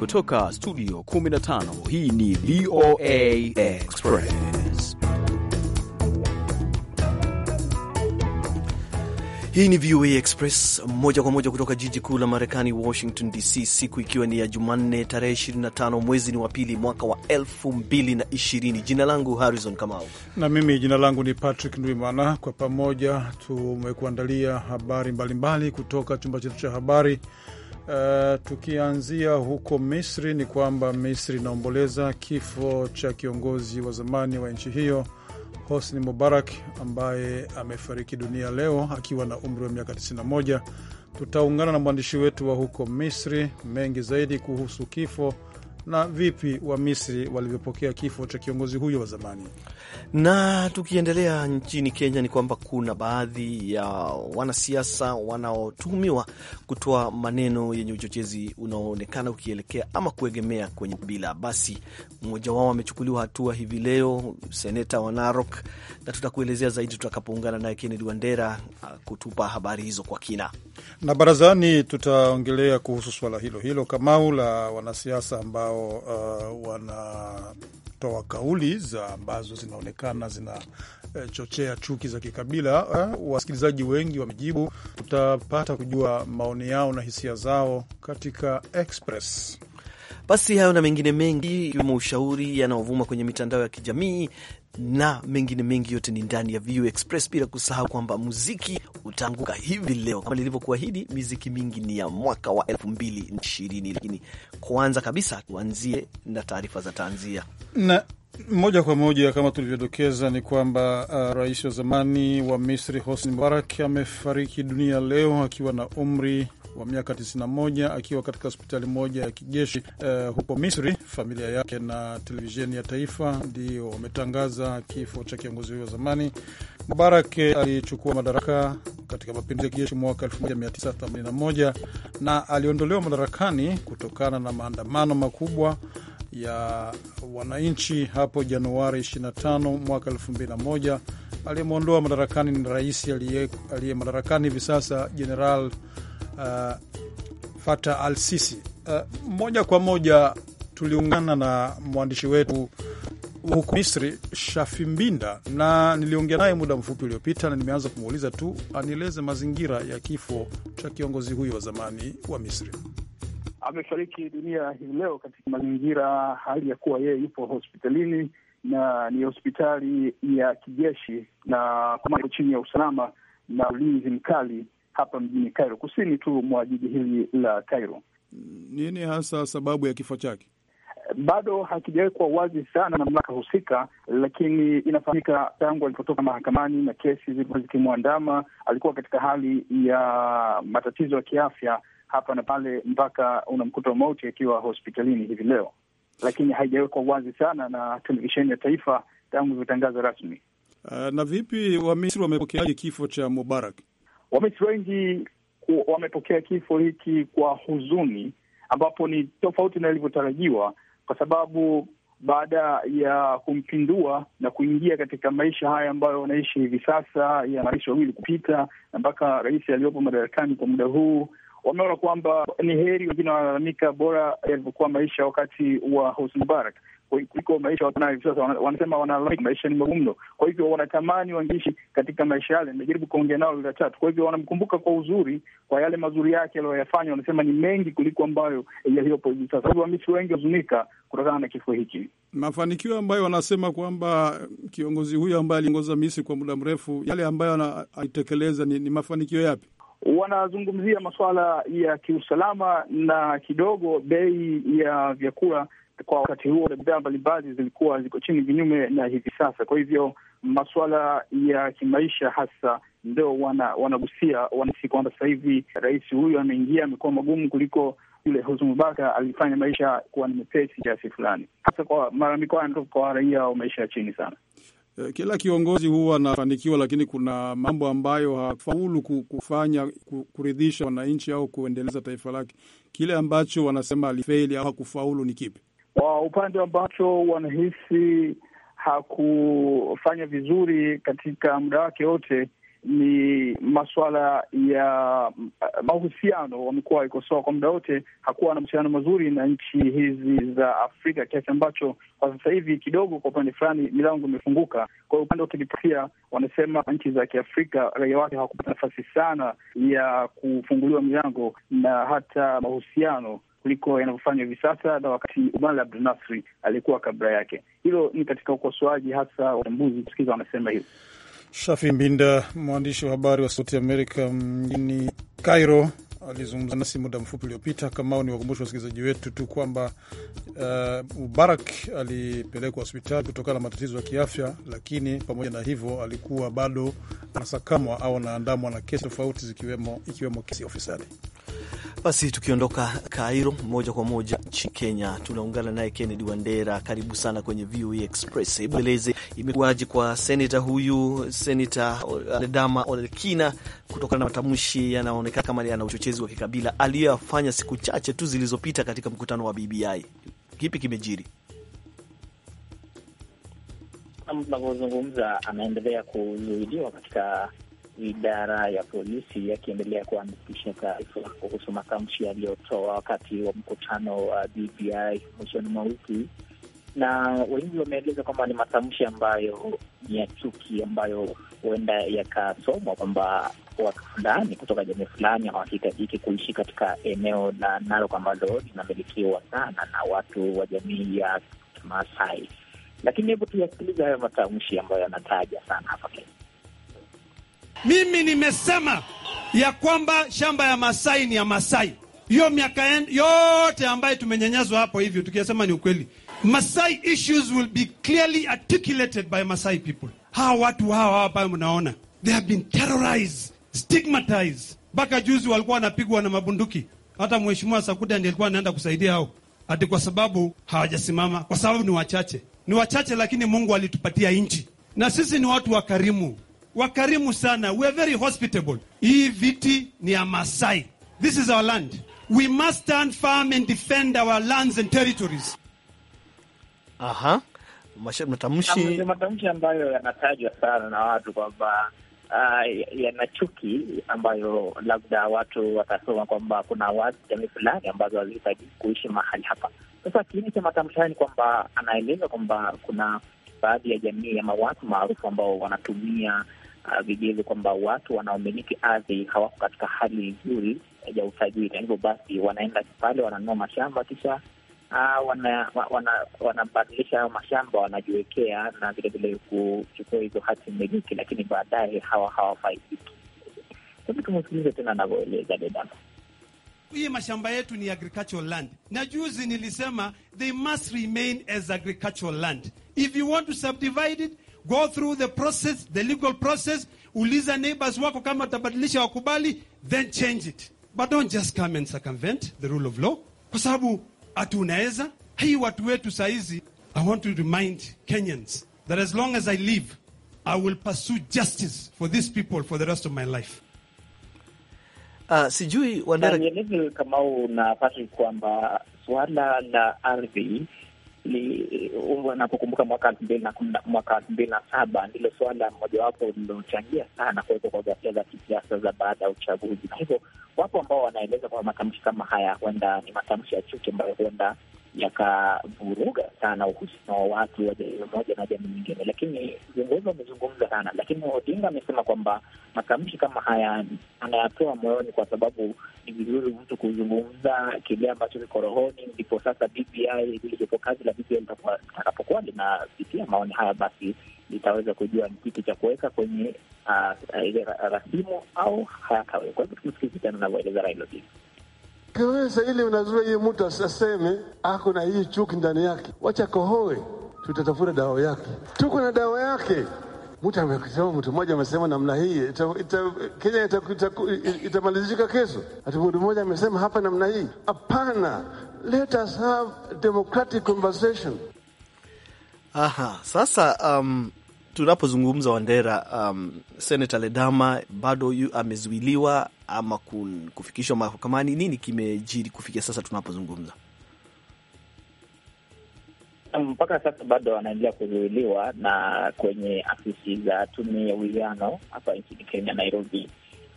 kutoka studio 15 hii ni VOA Express. Hii ni VOA Express moja kwa moja kutoka jiji kuu la Marekani, Washington DC, siku ikiwa ni ya Jumanne tarehe 25 mwezi ni wa pili mwaka wa 2020. Jina langu Harrison Kamau na mimi jina langu ni Patrick Ndwimana. Kwa pamoja tumekuandalia habari mbalimbali mbali kutoka chumba chetu cha habari Uh, tukianzia huko Misri ni kwamba Misri inaomboleza kifo cha kiongozi wa zamani wa nchi hiyo Hosni Mubarak ambaye amefariki dunia leo akiwa na umri wa miaka 91. Tutaungana na mwandishi wetu wa huko Misri mengi zaidi kuhusu kifo na vipi wa Misri walivyopokea kifo cha kiongozi huyo wa zamani. Na tukiendelea nchini Kenya, ni kwamba kuna baadhi ya wanasiasa wanaotuhumiwa kutoa maneno yenye uchochezi unaoonekana ukielekea ama kuegemea kwenye bila. Basi mmoja wao amechukuliwa hatua hivi leo, seneta wa Narok, na tutakuelezea zaidi tutakapoungana naye Kennedy Wandera uh, kutupa habari hizo kwa kina. Na barazani tutaongelea kuhusu swala hilo hilo, Kamau, la wanasiasa ambao uh, wana kutoa kauli za ambazo zinaonekana zinachochea eh, chuki za kikabila. Eh, wasikilizaji wengi wamejibu, tutapata kujua maoni yao na hisia zao katika Express. Basi hayo na mengine mengi ikiwemo ushauri yanayovuma kwenye mitandao ya kijamii na mengine mengi, yote ni ndani ya VU Express, bila kusahau kwamba muziki utaanguka hivi leo kama nilivyokuahidi. Miziki mingi ni ya mwaka wa elfu mbili ishirini, lakini kwanza kabisa tuanzie na taarifa za tanzia na moja kwa moja kama tulivyodokeza ni kwamba uh, rais wa zamani wa Misri Hosni Mubarak amefariki dunia leo akiwa na umri wa miaka 91 akiwa katika hospitali moja ya kijeshi eh, huko Misri. Familia yake na televisheni ya taifa ndio wametangaza kifo cha kiongozi huyo wa zamani. Mubarak alichukua madaraka katika mapinduzi ya kijeshi mwaka 1981 na aliondolewa madarakani kutokana na maandamano makubwa ya wananchi hapo Januari 25 mwaka 2001 aliyemwondoa madarakani ni rais aliye madarakani hivi sasa Jeneral uh, Fatah al Sisi. Uh, moja kwa moja tuliungana na mwandishi wetu huku Misri, Shafi Mbinda, na niliongea naye muda mfupi uliopita, na nimeanza kumuuliza tu anieleze mazingira ya kifo cha kiongozi huyo wa zamani wa Misri. Amefariki dunia hii leo katika mazingira hali ya kuwa yeye yupo hospitalini na ni hospitali ya kijeshi na komando chini ya usalama na ulinzi mkali hapa mjini Cairo, kusini tu mwa jiji hili la Cairo. Nini hasa sababu ya kifo chake bado hakijawekwa wazi sana na mamlaka husika, lakini inafahamika tangu alipotoka mahakamani na kesi zilikuwa zikimwandama, alikuwa katika hali ya matatizo ya kiafya hapa na pale, mpaka unamkuta mauti akiwa hospitalini hivi leo lakini haijawekwa wazi sana na televisheni ya taifa tangu ivyotangaza rasmi. Uh, na vipi Wamisri wamepokeaje kifo cha Mubarak? Wamisri wengi wamepokea kifo hiki kwa huzuni, ambapo ni tofauti na ilivyotarajiwa, kwa sababu baada ya kumpindua na kuingia katika maisha haya ambayo wanaishi hivi sasa ya marais wawili kupita na mpaka rais aliyopo madarakani kwa muda huu wameona kwamba ni heri, wengine wanalalamika bora yalivyokuwa maisha wakati wa Hosni Mubarak kuliko maisha wanayo hivi sasa. Wanasema wanalalamika maisha ni magumu mno, kwa hivyo wanatamani wangeishi katika maisha yale. Nimejaribu kuongea nao lila tatu, kwa hivyo wanamkumbuka kwa uzuri, kwa yale mazuri yake aliyoyafanya. Wanasema ni mengi kuliko ambayo yaliyopo hivi sasa. Wamisri wengi wazunika kutokana na kifo hiki, mafanikio ambayo wanasema kwamba kiongozi huyu ambaye aliongoza Misri kwa muda mrefu, yale ambayo anaitekeleza ni, ni mafanikio yapi? wanazungumzia masuala ya kiusalama na kidogo bei ya vyakula kwa wakati huo bidhaa mbalimbali zilikuwa ziko chini, kinyume na hivi sasa. Kwa hivyo masuala ya kimaisha hasa ndo wana, wanagusia wanasi kwamba sasa hivi rais huyu ameingia, amekuwa magumu kuliko yule Hosni alifanya maisha kuwa ni mepesi kiasi fulani, hasa kwa malalamiko haya yanatoka kwa raia wa maisha ya chini sana. Eh, kila kiongozi huwa anafanikiwa, lakini kuna mambo ambayo hafaulu kufanya kuridhisha wananchi au kuendeleza taifa lake. Kile ambacho wanasema alifeili au hakufaulu ni kipi? Kwa upande ambacho wanahisi hakufanya vizuri katika muda wake wote ni masuala ya mahusiano. Wamekuwa waikosoa kwa muda wote, hakuwa na mahusiano mazuri na nchi hizi za Afrika, kiasi ambacho kwa sasa hivi kidogo, kwa upande fulani, milango imefunguka. Kwa upande wa kidiplomasia, wanasema nchi za Kiafrika raia wake hawakupata nafasi sana ya kufunguliwa milango na hata mahusiano kuliko yanavyofanywa hivi sasa na wakati Umar Abdul Nasri alikuwa kabla yake. Hilo ni katika ukosoaji hasa watambuzi kusikiza wanasema hivo. Shafi Mbinda, mwandishi wa habari wa Sauti ya Amerika mjini Cairo, alizungumza nasi muda mfupi uliopita. Kamao ni wakumbusha wasikilizaji wetu tu kwamba uh, Mubarak alipelekwa hospitali kutokana na matatizo ya kiafya, lakini pamoja na hivyo alikuwa bado anasakamwa au anaandamwa na kesi tofauti ikiwemo kesi ya ufisadi. Basi tukiondoka Kairo moja kwa moja nchi Kenya, tunaungana naye Kennedy Wandera. Karibu sana kwenye VOA e Express. Hebu eleze imekuwaje kwa seneta huyu, senata Ledama Olekina, kutokana na matamshi yanaonekana kama yana uchochezi wa kikabila aliyoyafanya siku chache tu zilizopita katika mkutano wa BBI. Kipi kimejiri? Tunavyozungumza anaendelea kuzuidiwa katika idara ya polisi yakiendelea kuandikisha taarifa kuhusu matamshi yaliyotoa wakati wa mkutano wa BBI mwishoni mwa wiki, na wengi wameeleza kwamba ni matamshi ambayo ni ya chuki, ambayo huenda yakasomwa kwamba watu fulani kutoka jamii fulani hawahitajiki kuishi katika eneo la Narok ambalo linamilikiwa sana na watu wa jamii ya Kimaasai. Lakini hebu tuyasikiliza hayo matamshi ambayo yanataja sana hapa Kenya. Mimi nimesema ya kwamba shamba ya Masai ni ya Masai. Hiyo miaka yote ambayo tumenyanyazwa hapo hivyo, tukisema ni ukweli. Masai issues will be clearly articulated by Masai people. Hawa watu hawa hapa mnaona, they have been terrorized, stigmatized. Mpaka juzi walikuwa wanapigwa na mabunduki. Hata mheshimiwa Sakuda ndiye alikuwa anaenda kusaidia hao, hadi kwa sababu hawajasimama, kwa sababu ni wachache. Ni wachache, lakini Mungu alitupatia nchi, na sisi ni watu wa karimu wakarimu sana, we are very hospitable. Hii viti ni ya Masai. This is our land. We must stand firm and defend our lands and territories. Aha. Matamshi matamshi ambayo yanatajwa sana na watu kwamba Uh, yana chuki ambayo labda watu watasoma kwamba kuna wazi jamii fulani ambazo hazihitaji kuishi mahali hapa. Sasa kiini cha matamshi haya ni kwamba anaeleza kwamba kuna baadhi ya jamii ama watu maarufu ambao wanatumia uh, vigezo kwamba watu wanaomiliki ardhi hawako katika hali nzuri ya usajili, na hivyo basi wanaenda pale wananunua mashamba kisha wanabadilisha uh, wana, wana, wanabadilisha hayo mashamba wanajiwekea na vilevile kuchukua hizo hati miliki, lakini baadaye hawa hawafaidiki. Hebu tumsikilize tena anavyoeleza Dedama. Hii mashamba yetu ni agricultural land, na juzi nilisema they must remain as agricultural land if you want to subdivide it go through the process, the legal process. Uliza neighbors wako kama tabadilisha wakubali, then change it, but don't just come and circumvent the rule of law, kwa sababu ati unaweza hii watu wetu saizi. I want to remind Kenyans that as long as I live I will pursue justice for these people for the rest of my life. Uh, sijui Wandera Kamau na Patrick kwamba suala la ardhi wanapokumbuka mwaka elfu mbili na kumi mwaka elfu mbili na saba ndilo suala mojawapo lililochangia sana kuwepo kwa ghasia za kisiasa za baada ya uchaguzi, na hivyo wapo ambao wanaeleza kwamba matamshi kama haya huenda ni matamshi ya chuki ambayo huenda yakavuruga sana uhusiano wa watu wa jamii moja na jamii nyingine, lakini viongozi wamezungumza sana. Lakini Odinga amesema kwamba matamshi kama haya anayatoa moyoni, kwa sababu ni vizuri mtu kuzungumza kile ambacho kiko rohoni. Ndipo sasa BBI lilipo kazi la BBI litakapokuwa linapitia maoni haya, basi litaweza kujua ni kitu cha kuweka kwenye ah, ile rasimu au kwa Hivyo tumsikilize tena anavyoeleza Raila Odinga. Kiwisa ili unazua hii mtu asaseme ako na hii chuki ndani yake, wacha kohoe, tutatafuta dawa yake. Tuko na dawa yake. Mtu amesema, mtu mmoja amesema namna hii ita, ita, Kenya itamalizika kesho. Ati mtu mmoja amesema hapa namna hii. Hapana, let us have democratic conversation. Aha, sasa um, tunapozungumza Wandera, um, Senata Ledama bado yu amezuiliwa ama kufikishwa mahakamani. Nini kimejiri kufikia sasa tunapozungumza? Um, mpaka sasa bado anaendelea kuzuiliwa na kwenye afisi za tume ya uwiano hapa nchini Kenya, Nairobi,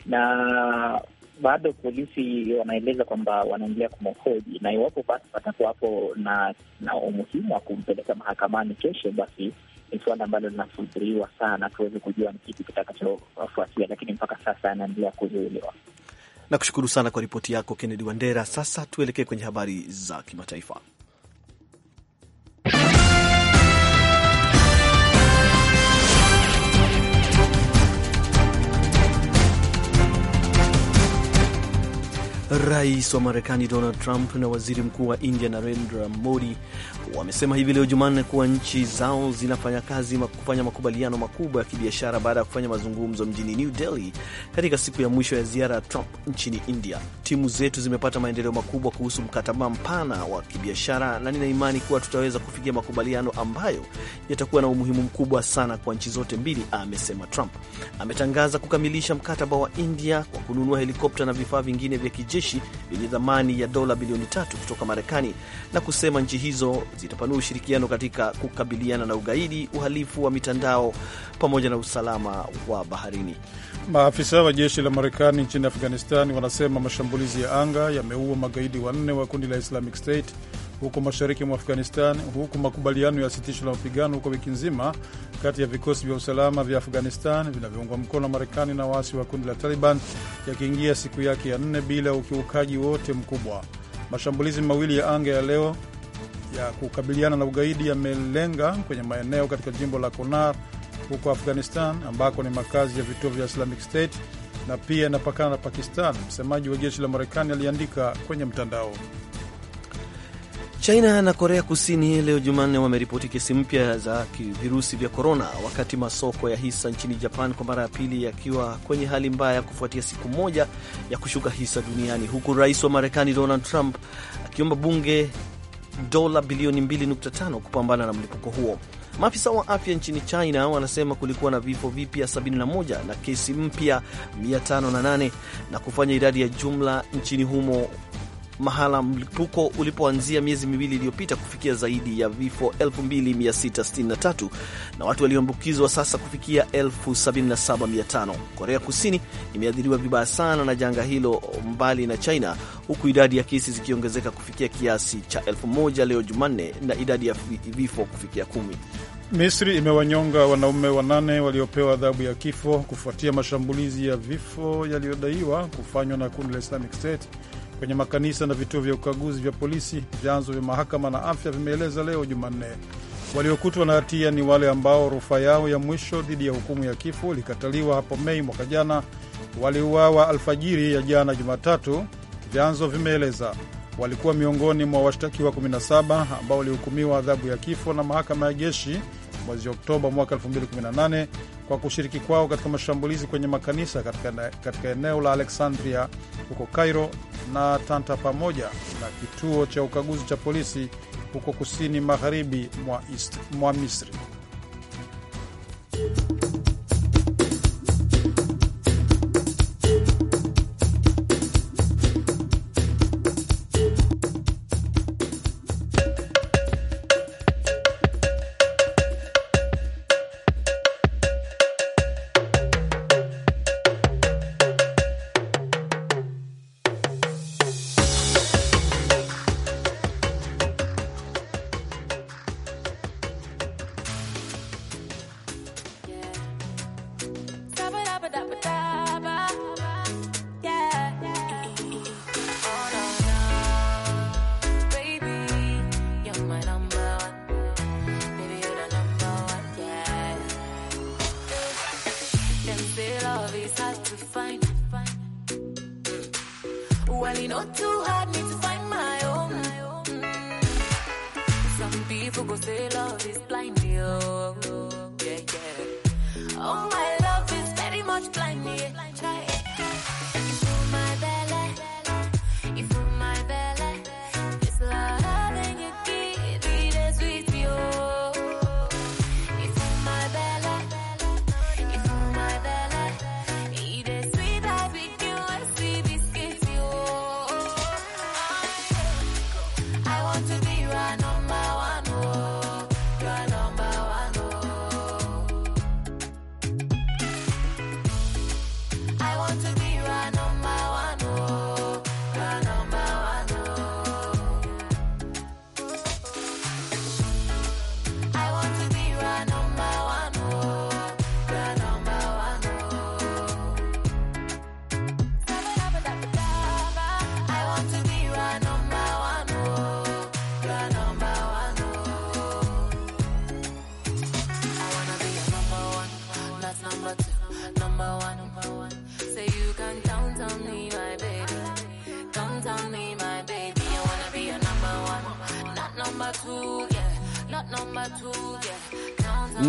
na bado polisi wanaeleza kwamba wanaendelea kumhoji, na iwapo basi patakuwapo na, na umuhimu wa kumpeleka mahakamani kesho, basi ni suala ambalo linafudhiriwa sana, tuweze kujua ni kipi kitakachofuatia, lakini mpaka sasa anaendelea kuzuiliwa. Nakushukuru sana kwa ripoti yako Kennedy Wandera. Sasa tuelekee kwenye habari za kimataifa. Rais wa Marekani Donald Trump na waziri mkuu wa India Narendra Modi wamesema hivi leo Jumanne kuwa nchi zao zinafanya kazi kufanya makubaliano makubwa ya kibiashara baada ya kufanya mazungumzo mjini New Delhi katika siku ya mwisho ya ziara ya Trump nchini India. Timu zetu zimepata maendeleo makubwa kuhusu mkataba mpana wa kibiashara, na nina imani kuwa tutaweza kufikia makubaliano ambayo yatakuwa na umuhimu mkubwa sana kwa nchi zote mbili, amesema Trump. Ametangaza kukamilisha mkataba wa India kwa kununua helikopta na vifaa vingine vya kijeshi kijeshi vyenye thamani ya dola bilioni tatu kutoka Marekani na kusema nchi hizo zitapanua ushirikiano katika kukabiliana na ugaidi, uhalifu wa mitandao pamoja na usalama wa baharini. Maafisa wa jeshi la Marekani nchini Afghanistani wanasema mashambulizi ya anga yameua magaidi wanne wa kundi la Islamic State huko mashariki mwa Afghanistan, huku makubaliano ya sitisho la mapigano huko wiki nzima kati ya vikosi vya usalama vya Afghanistan vinavyoungwa mkono na Marekani na waasi wa kundi la Taliban yakiingia siku yake ya nne bila ukiukaji wote mkubwa. Mashambulizi mawili ya anga ya leo ya kukabiliana na ugaidi yamelenga kwenye maeneo katika jimbo la Konar huko Afghanistan, ambako ni makazi ya vituo vya Islamic State na pia inapakana na Pakistan. Msemaji wa jeshi la Marekani aliandika kwenye mtandao China na Korea Kusini leo Jumanne wameripoti kesi mpya za virusi vya korona, wakati masoko ya hisa nchini Japan kwa mara ya pili yakiwa kwenye hali mbaya kufuatia siku moja ya kushuka hisa duniani, huku rais wa Marekani Donald Trump akiomba bunge dola bilioni 2.5 kupambana na mlipuko huo. Maafisa wa afya nchini China wanasema kulikuwa na vifo vipya 71 na kesi mpya 508 na kufanya idadi ya jumla nchini humo mahala mlipuko ulipoanzia miezi miwili iliyopita kufikia zaidi ya vifo 2663 na watu walioambukizwa sasa kufikia 77500. Korea Kusini imeathiriwa vibaya sana na janga hilo mbali na China, huku idadi ya kesi zikiongezeka kufikia kiasi cha 1000 leo Jumanne na idadi ya vifo kufikia kumi. Misri imewanyonga wanaume wanane waliopewa adhabu ya kifo kufuatia mashambulizi ya vifo yaliyodaiwa kufanywa na kundi la Islamic State kwenye makanisa na vituo vya ukaguzi vya polisi, vyanzo vya mahakama na afya vimeeleza leo Jumanne. Waliokutwa na hatia ni wale ambao rufaa yao ya mwisho dhidi ya hukumu ya kifo ilikataliwa hapo Mei mwaka jana, waliuawa alfajiri ya jana Jumatatu, vyanzo vimeeleza. Walikuwa miongoni mwa washtakiwa 17 ambao walihukumiwa adhabu ya kifo na mahakama ya jeshi mwezi Oktoba mwaka 2018 kwa kushiriki kwao katika mashambulizi kwenye makanisa katika, katika eneo la Alexandria huko Cairo na Tanta pamoja na kituo cha ukaguzi cha polisi huko kusini magharibi mwa, mwa Misri. Not too hard, need to find my own. Some people go say love is blind.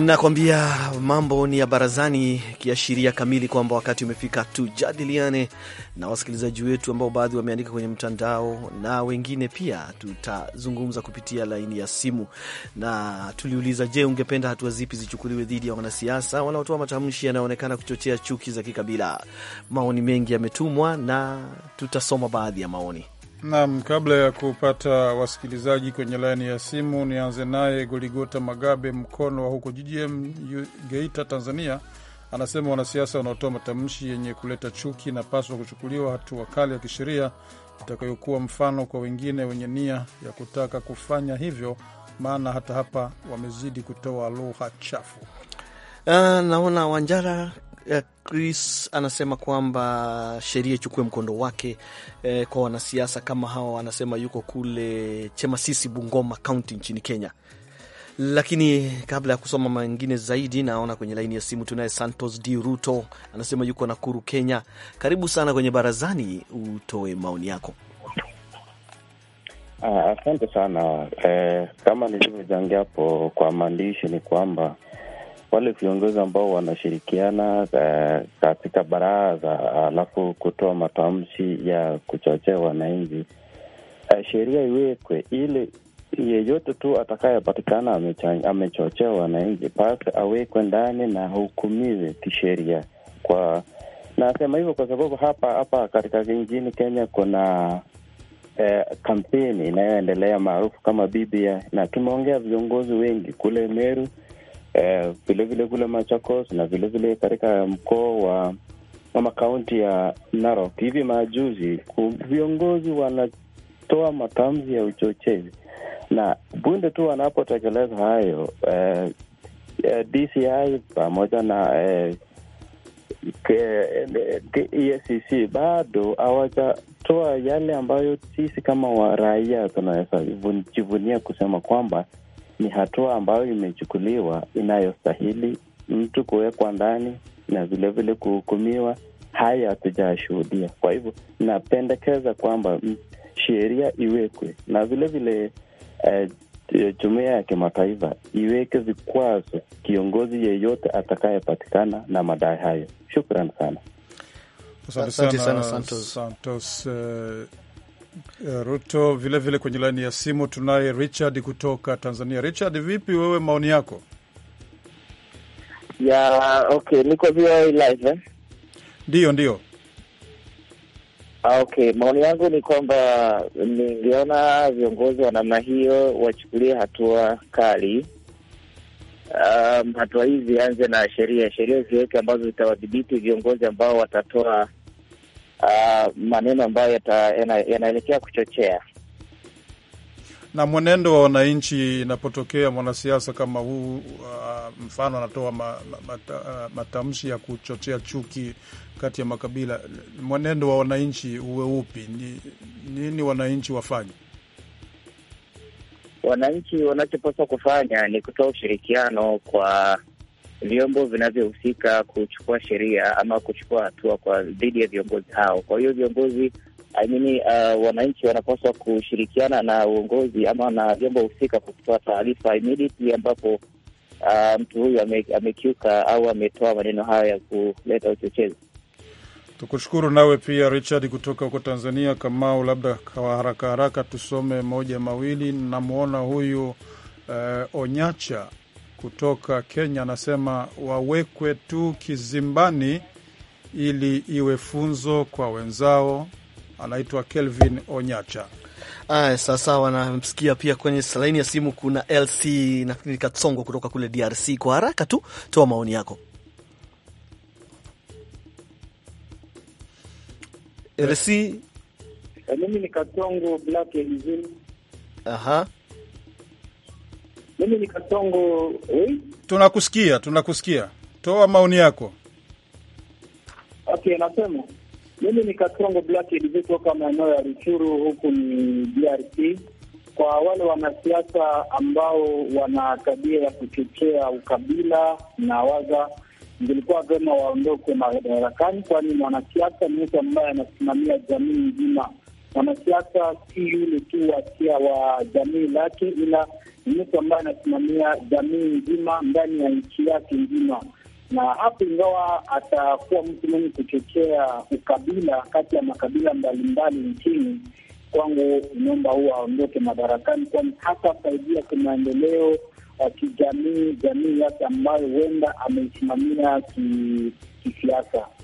Nakwambia mambo ni ya barazani, kiashiria kamili kwamba wakati umefika tujadiliane na wasikilizaji wetu ambao baadhi wameandika kwenye mtandao na wengine pia tutazungumza kupitia laini ya simu. Na tuliuliza, je, ungependa hatua zipi zichukuliwe dhidi ya wanasiasa wanaotoa matamshi yanayoonekana kuchochea chuki za kikabila? Maoni mengi yametumwa na tutasoma baadhi ya maoni. Naam, kabla ya kupata wasikilizaji kwenye laini ya simu, nianze naye Goligota Magabe Mkono wa huko GGM Geita, Tanzania. Anasema wanasiasa wanaotoa matamshi yenye kuleta chuki inapaswa kuchukuliwa hatua kali ya kisheria itakayokuwa mfano kwa wengine wenye nia ya kutaka kufanya hivyo, maana hata hapa wamezidi kutoa lugha chafu. Uh, naona Wanjara Eh, Chris anasema kwamba sheria ichukue mkondo wake eh, kwa wanasiasa kama hawa. Anasema yuko kule Chemasisi, Bungoma kaunti nchini Kenya. Lakini kabla ya kusoma mengine zaidi, naona kwenye laini ya simu tunaye Santos D Ruto, anasema yuko Nakuru, Kenya. Karibu sana kwenye barazani, utoe maoni yako. Ah, asante ah, sana eh, kama nilivyojangia hapo kwa maandishi ni kwamba wale viongozi ambao wanashirikiana eh, katika baraza alafu kutoa matamshi ya kuchochea wananchi, eh, sheria iwekwe ili yeyote tu atakayepatikana amechochea wananchi basi awekwe ndani na ahukumiwe kisheria. Kwa nasema hivyo kwa sababu hapa hapa katika nchini Kenya kuna eh, kampeni inayoendelea maarufu kama Bibia, na tumeongea viongozi wengi kule Meru vilevile eh, kule Machakos na vilevile katika mkoa wa ama kaunti ya Narok. Hivi majuzi viongozi wanatoa matamshi ya uchochezi, na punde tu wanapotekeleza hayo eh, eh, DCI pamoja na eh, EACC e bado hawajatoa yale ambayo sisi kama waraia jivunia kusema kwamba ni hatua ambayo imechukuliwa inayostahili mtu kuwekwa ndani na vilevile kuhukumiwa. Haya hatujashuhudia Kwa hivyo napendekeza kwamba sheria iwekwe na vilevile eh, jumuiya ya kimataifa iweke vikwazo kiongozi yeyote atakayepatikana na madai hayo. Shukran sana, asante sana Santos, Santos uh... Eh, Ruto. Vilevile vile kwenye laini ya simu tunaye Richard kutoka Tanzania. Richard, vipi wewe, maoni yako? ya okay, niko VOA live eh? Ndiyo, ndiyo. Ah, okay, maoni yangu ni kwamba ningeona viongozi wa namna hiyo wachukulie hatua kali. Um, hatua hii zianze na sheria, sheria ziweke ambazo zitawadhibiti viongozi ambao watatoa uh, maneno ambayo yanaelekea kuchochea na mwenendo wa wananchi inapotokea mwanasiasa kama huu uh, mfano anatoa ma, mata, uh, ah, matamshi ya kuchochea chuki kati ya makabila. Mwenendo wa wananchi uwe upi? Ni nini wananchi wafanye? Wananchi wanachopaswa kufanya ni kutoa ushirikiano kwa vyombo vinavyohusika kuchukua sheria ama kuchukua hatua kwa dhidi ya viongozi hao. Kwa hiyo viongozi I mean, uh, wananchi wanapaswa kushirikiana na uongozi ama na vyombo husika kwa kutoa taarifa immediately ambapo uh, mtu huyu ame, amekiuka au ametoa maneno hayo ya kuleta uchochezi. Tukushukuru nawe pia Richard kutoka huko Tanzania. Kamau, labda kwa haraka haraka tusome moja mawili. Namwona huyu uh, Onyacha kutoka Kenya anasema wawekwe tu kizimbani ili iwe funzo kwa wenzao. Anaitwa Kelvin Onyacha. Aya, sasa wanamsikia pia kwenye laini ya simu. Kuna LC nafikiri Katsongo kutoka kule DRC. Kwa haraka tu toa maoni yako. Eh, mimi ni Katsongo Black. Aha. Mimi ni Kasongo eh? Tunakusikia, tunakusikia, toa maoni yako. Okay, nasema mimi ni Katongo Black kutoka maeneo ya rushuru huku ni DRC. Kwa wale wanasiasa ambao wana tabia ya kuchochea ukabila na waza, zilikuwa vyema waondoke madarakani, kwani mwanasiasa ni mtu ambaye anasimamia jamii nzima. Mwanasiasa si yule tu wasia wa jamii lake, ila mtu ambaye anasimamia jamii nzima ndani ya nchi yake nzima, na hapo, ingawa atakuwa mtu mwenye kuchochea ukabila kati ya makabila mbalimbali nchini, kwangu inaomba huo aondoke madarakani, kwani hatasaidia kwa maendeleo ya kijamii jamii yake ambayo huenda ameisimamia kisiasa ki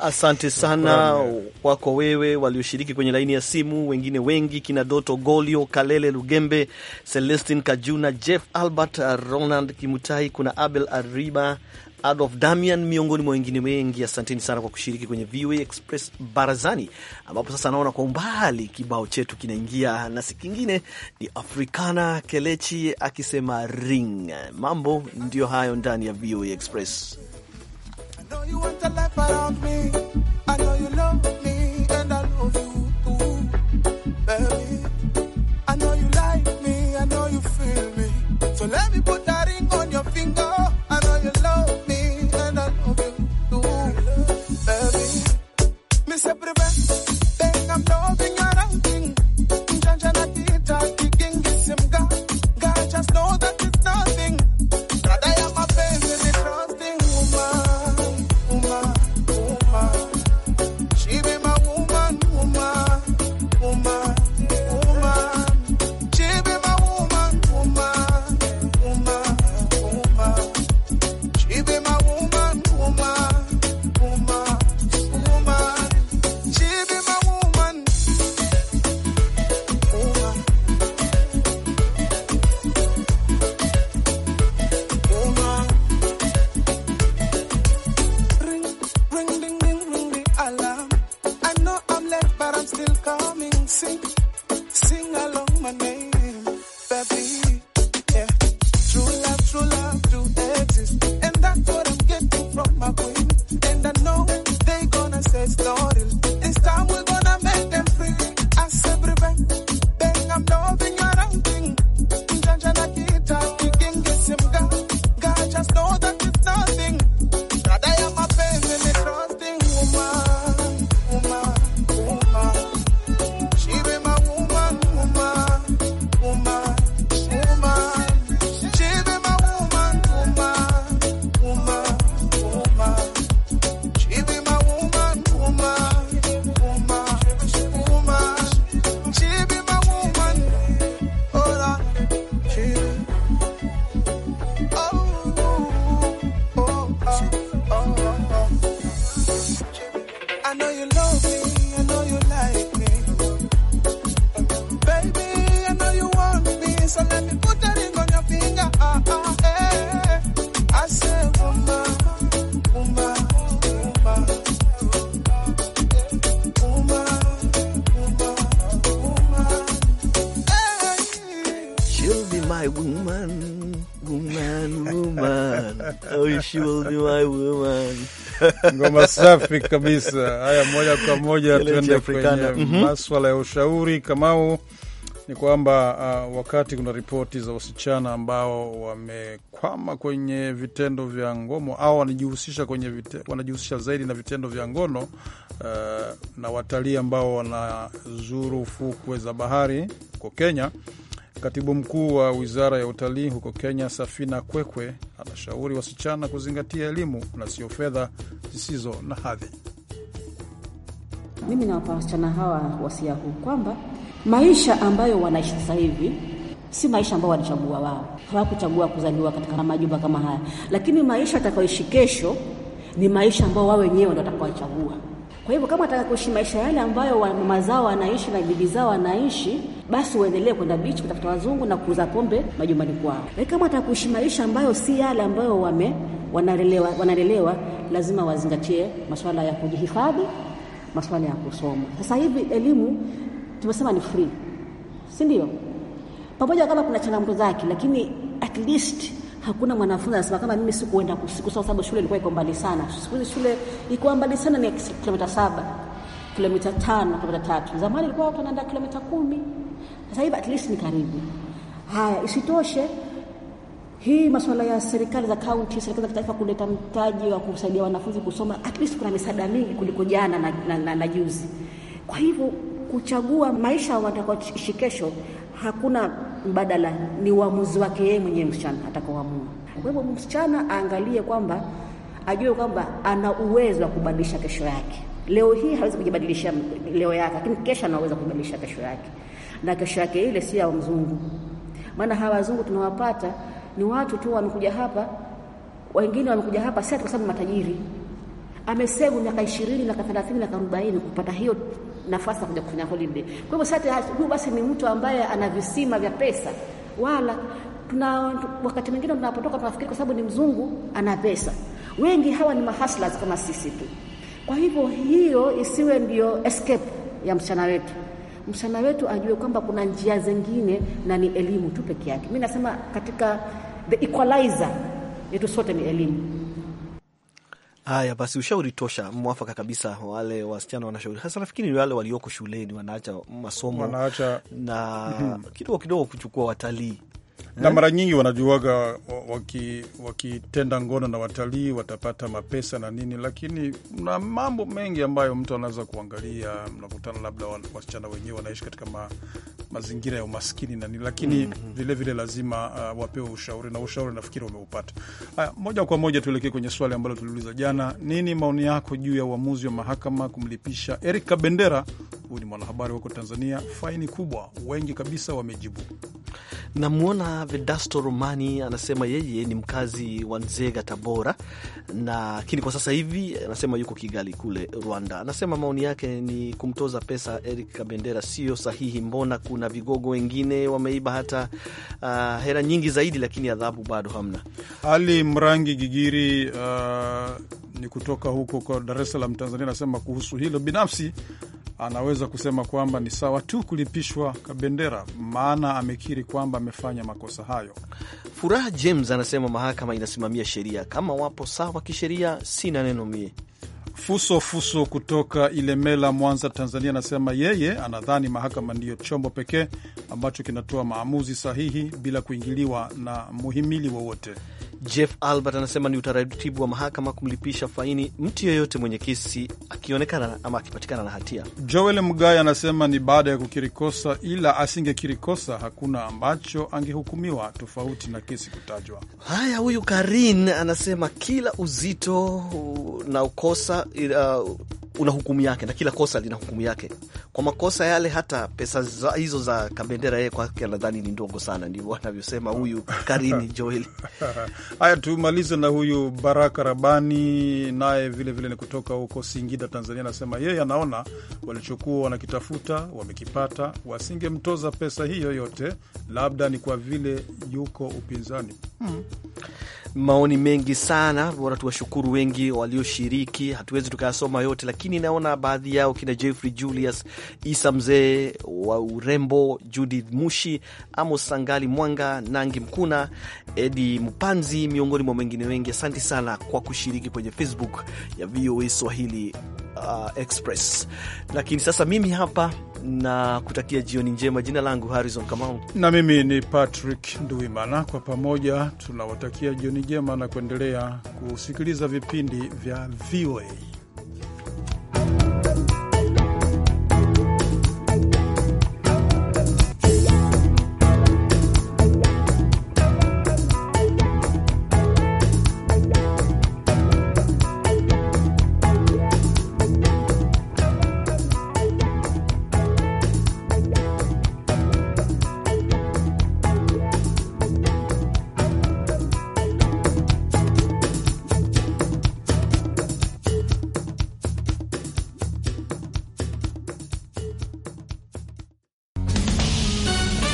Asante sana kwako wewe, walioshiriki kwenye laini ya simu, wengine wengi kina Doto Golio, Kalele Lugembe, Celestin Kajuna, Jeff Albert, Ronald Kimutai, kuna Abel Ariba, Adolf Damian miongoni mwa wengine wengi. Asanteni sana kwa kushiriki kwenye VOA Express barazani, ambapo sasa naona kwa umbali kibao chetu kinaingia, na si kingine ni Africana Kelechi akisema ring. Mambo ndiyo hayo ndani ya VOA Express. know you want a life around me. ngoma safi kabisa. Haya, moja kwa moja tuende kwenye mhm. maswala ya ushauri. Kamau, ni kwamba uh, wakati kuna ripoti za wasichana ambao wamekwama kwenye vitendo vya ngono au wanajihusisha kwenye vite, wanajihusisha zaidi na vitendo vya ngono uh, na watalii ambao wanazuru fukwe za bahari huko Kenya Katibu mkuu wa wizara ya utalii huko Kenya, Safina Kwekwe, anashauri wasichana kuzingatia elimu na sio fedha zisizo na hadhi. Mimi nawapa wasichana hawa wasia huu kwamba maisha ambayo wanaishi sasa hivi si maisha ambayo walichagua wao. Hawakuchagua kuzaliwa katika majumba kama haya, lakini maisha watakaoishi kesho ni maisha ambayo wao wenyewe ndo watakaochagua. Kwa hivyo kama wataka kuishi maisha yale ambayo wa mama zao wanaishi na bibi zao wanaishi, basi uendelee kwenda bichi kutafuta wazungu na kuuza pombe majumbani kwao. Lakini kama wataka kuishi maisha ambayo si yale ambayo wame wanalelewa, wanalelewa, lazima wazingatie masuala ya kujihifadhi, masuala ya kusoma. Sasa hivi elimu tumesema ni free, si ndio? Pamoja kama kuna changamoto zake, lakini at least hakuna mwanafunzi anasema kama mimi sikuenda Kusiku kwa sababu shule ilikuwa iko mbali sana. Siku hizi shule iko mbali sana, ni kilomita saba, kilomita tano, kilomita tatu. Zamani ilikuwa watu wanaenda kilomita kumi, sasa hivi at least ni karibu. Haya, isitoshe hii masuala ya serikali za kaunti, serikali za kitaifa kuleta mtaji wa kusaidia wanafunzi kusoma, at least kuna misaada mingi kuliko jana na, na, na, na juzi. Kwa hivyo kuchagua maisha watakaoishi kesho hakuna mbadala ni uamuzi wake yeye mwenyewe msichana atakaoamua. Kwa hivyo msichana aangalie kwamba ajue kwamba ana uwezo wa kubadilisha kesho yake. Leo hii hawezi kujibadilishia leo yake, lakini kesho anaweza kubadilisha kesho yake, na kesho yake ile si ya mzungu. Maana hawa wazungu tunawapata ni watu tu wamekuja hapa, wengine wamekuja hapa si kwa sababu matajiri amesevu miaka 20 miaka 30 miaka 40 kupata hiyo nafasi ya kuja kufanya holiday. Kwa hivyo sasa huyu basi ni mtu ambaye ana visima vya pesa, wala tuna wakati mwingine tunapotoka tunafikiri kwa sababu ni mzungu ana pesa. Wengi hawa ni mahaslas kama sisi tu. Kwa hivyo hiyo isiwe ndio escape ya msichana wetu. Msichana wetu ajue kwamba kuna njia zingine na ni elimu tu peke yake. Mimi nasema katika the equalizer yetu sote ni elimu. Haya basi, ushauri tosha mwafaka kabisa. Wale wasichana wanashauri, hasa nafikiri wale walioko shuleni wanaacha masomo wanaacha... na kidogo kidogo kuchukua watalii na mara nyingi wanajuaga wakitenda waki ngono na watalii watapata mapesa na nini, lakini na mambo mengi ambayo mtu anaweza kuangalia. Mnakutana labda wasichana wenyewe wanaishi katika ma, mazingira ya umaskini na nini, lakini vilevile mm-hmm. mm -hmm. vile lazima uh, wapewe ushauri na ushauri nafikiri wameupata. Haya, moja kwa moja tuelekee kwenye swali ambalo tuliuliza jana: nini maoni yako juu ya uamuzi wa mahakama kumlipisha Eric Kabendera, huyu ni mwanahabari wako Tanzania, faini kubwa? Wengi kabisa wamejibu Namwona Vedasto Romani anasema yeye ni mkazi wa Nzega, Tabora, lakini kwa sasa hivi anasema yuko Kigali kule Rwanda. Anasema maoni yake ni kumtoza pesa Eric Kabendera sio sahihi. Mbona kuna vigogo wengine wameiba hata uh, hera nyingi zaidi, lakini adhabu bado hamna. Ali Mrangi Gigiri uh, ni kutoka huko kwa Dar es Salaam, Tanzania, anasema kuhusu hilo binafsi anaweza kusema kwamba ni sawa tu kulipishwa kabendera, maana amekiri kwamba amefanya makosa hayo. Furaha James anasema mahakama inasimamia sheria, kama wapo sawa kisheria, sina neno mie. Fuso Fuso kutoka Ilemela, Mwanza, Tanzania, anasema yeye anadhani mahakama ndiyo chombo pekee ambacho kinatoa maamuzi sahihi bila kuingiliwa na muhimili wowote. Jeff Albert anasema ni utaratibu wa mahakama kumlipisha faini mtu yeyote mwenye kesi akionekana ama akipatikana na hatia. Joel Mgai anasema ni baada ya kukiri kosa, ila asingekiri kosa hakuna ambacho angehukumiwa tofauti na kesi kutajwa. Haya, huyu Karin anasema kila uzito na ukosa uh, una hukumu yake na kila kosa lina hukumu yake kwa makosa yale, hata pesa za, hizo za Kabendera yeye kwake nadhani ni ndogo sana, ndivyo anavyosema huyu Karini Joel. Haya, tumalize na huyu Baraka Rabani, naye vilevile ni kutoka huko Singida, Tanzania. Anasema yeye anaona walichokuwa wanakitafuta wamekipata, wasingemtoza pesa hii yoyote, labda ni kwa vile yuko upinzani. hmm. Maoni mengi sana, bora tuwashukuru wengi walioshiriki. Hatuwezi tukayasoma yote, lakini naona baadhi yao kina Jeffrey Julius Isa Mzee wa Urembo, Judith Mushi, Amos Sangali Mwanga, Nangi Mkuna, Edi Mpanzi, miongoni mwa wengine wengi. Asante sana kwa kushiriki kwenye Facebook ya VOA Swahili uh, Express. Lakini sasa mimi hapa na kutakia jioni njema. Jina langu Harrison Kamau, na mimi ni Patrick Nduimana. Kwa pamoja tunawatakia jioni njema na kuendelea kusikiliza vipindi vya VOA.